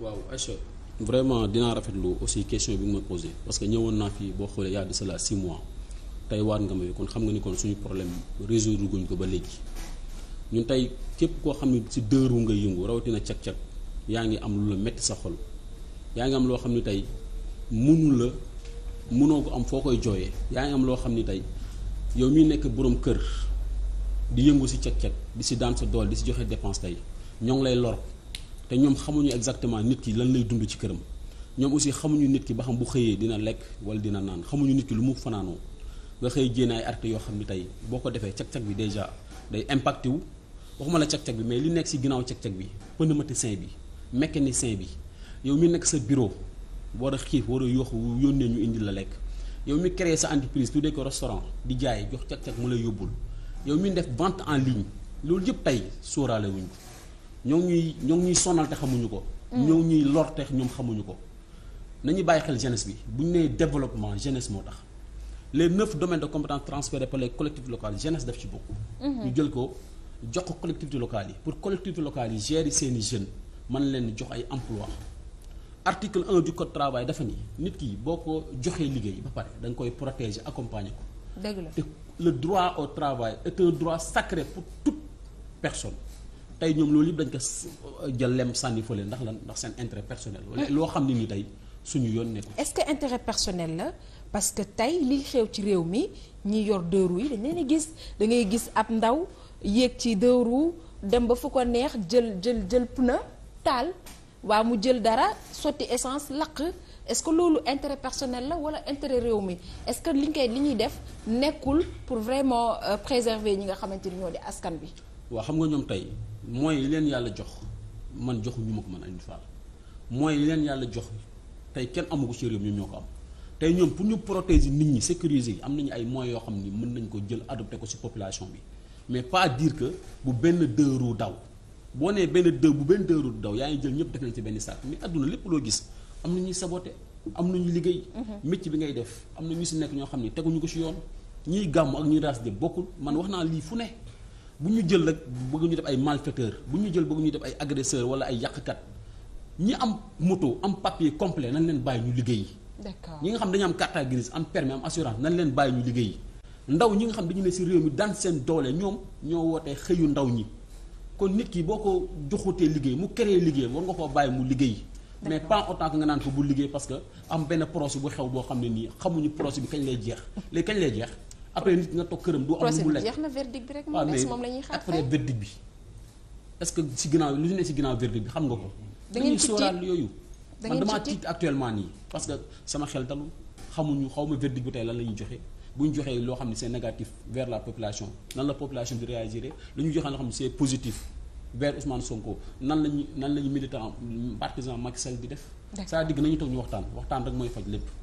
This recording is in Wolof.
waaw Aïcha vraiment dinaa rafetlu aussi question bi nga ma posé parce que ñëwoon naa fii boo xoolee y a de cela six mois tey waat nga may kon xam nga ni kon suñu problème résoudre guñ ko ba léegi ñu tey képp koo xam ne si dëru nga yëngu rawatina cag-cag yaa ngi am lu la metti sa xol yaa ngi am loo xam ne tey mënu la mënoo ko am foo koy jooyee yaa ngi am loo xam ni tey yow miy nekk boroom kër di yëngu si cag-cag di si daan sa dool di si joxe dépense tey ñoo ngi lay lor te ñoom xamuñu exactement nit ki lan lay dund ci këram ñoom aussi xamuñu nit ki ba xam bu xëyee dina lekk wala dina naan xamuñu nit ki lu mu fanaanoo nga xëy génne ay articles yoo xam ne tey boo ko defee cag-cag bi déjà day impacté wu waxuma la cag-cag bi mais li nekk si ginnaaw cag-cag bi pneumaticien bi mécanicien bi yow mi nekk sa bureau war a xiif war a yoox yónnee ñu indi la lekk yow mi créé sa entreprise tuddee ko restaurant di jaay jox cag-cag yóbbul yow mi def vente en ligne loolu yëpp tey sóoraale wuñ ko ñoo ñuy ñoo ngi ñuy sonal te xamuñu ko. Mm. ñoo ñuy lor te ñoom xamuñu ko. nañu bàyyi xel jeunesse bi bu ñu nee développement jeunesse moo tax les neuf domaines de compétence transférés par les collectivités locales jeunesse def ci bokk. Mm-hmm. ñu jël ko jox ko collectivités locales yi pour collectivités locale yi gérer seeni jeunes man leen jox ay emploi article 1 du dafa ni nit ki boo ko joxee liggéey ba pare da koy protéger accompagner ko. dëgg la te le droit au travail est un droit sacré pour toute tey ñoom loolu yëpp dañ ko jël lem sànni fële ndax la ndax seen intérêt personnel. loo xam ne ni tey suñu yoon nekkul. est-ce que intérêt personnel la parce que tey liy xew ci réew mi ñi yor deux roues yi dañ gis da ngay gis ab ndaw yéeg ci deux dem ba fu neex jël jël jël pneu taal waa mu jël dara sotti essence lakk. est-ce que loolu intérêt personnel la wala intérêt réew mi est-ce que liñ koy li ñuy def nekkul pour vraiment euh, préserver ñi nga xamante ni ñoo di askan bi waa xam nga ñoom tey mooy yi leen yàlla jox man joxu ñu ma ko man Alioune Fall mooy yi leen yàlla jox tey kenn amu ko ci réew ñoom ñoo ko am tey ñoom pour ñu protéger nit ñi sécuriser am nañu ay moyens yoo xam ni mën nañ ko jël adopté ko ci population bi mais pas dire que bu benn deux roues daw boo nee benn deux bu benn deux roues daw yaa ngi jël ñëpp def nañ ci benn saak mais àdduna lépp loo gis am na ñuy saboté am na ñu liggéey. Mm-hmm. métier bi ngay def am na ñu si nekk ñoo xam ne teguñu ko ci yoon ñiy gàmm ak ñuy raas bokkul man wax naa lii fu ne. bu ñu jël rek bëgg ñu def ay malfaiteur bu ñu jël bëgg ñu def ay agresseur wala ay yàqkat ñi am moto am papier complet nañ leen bàyyi ñu liggéey. d'accord ñi nga xam dañu am carte grise am permis am assurance nañ leen bàyyi ñu liggéey ndaw ñi nga xam dañu ne si réew mi daan seen doole ñoom ñoo wootee xëyu ndaw ñi kon nit ki boo ko joxutee liggéey mu créé liggéey war nga koo bàyyi mu liggéey. mais pas autant que nga naan ko bu liggéey parce que am benn projet bu xew boo xam ne nii xamuñu bi kañ lay jeex léegi kañ lay jeex. après nit nga toog këram du am lu mu lekk jeex na verdict bi moom la ñuy si ginnaaw lu ñu ne si nga ko yooyu man damaa tiit actuellement nii parce que sama xel dalul xamuñu xaw ma verdict bi tey lan la ñuy joxe bu ñu joxee loo xam ne c'est négatif vers la population nan la population di réagir lu ñu joxe la xam ne c'est positif vers Ousmane Sonko nan la ñu nan la ñu militant partisan Macky Sall di def c'est-à-dire nañu toog ñu waxtaan waxtaan rek mooy faj lépp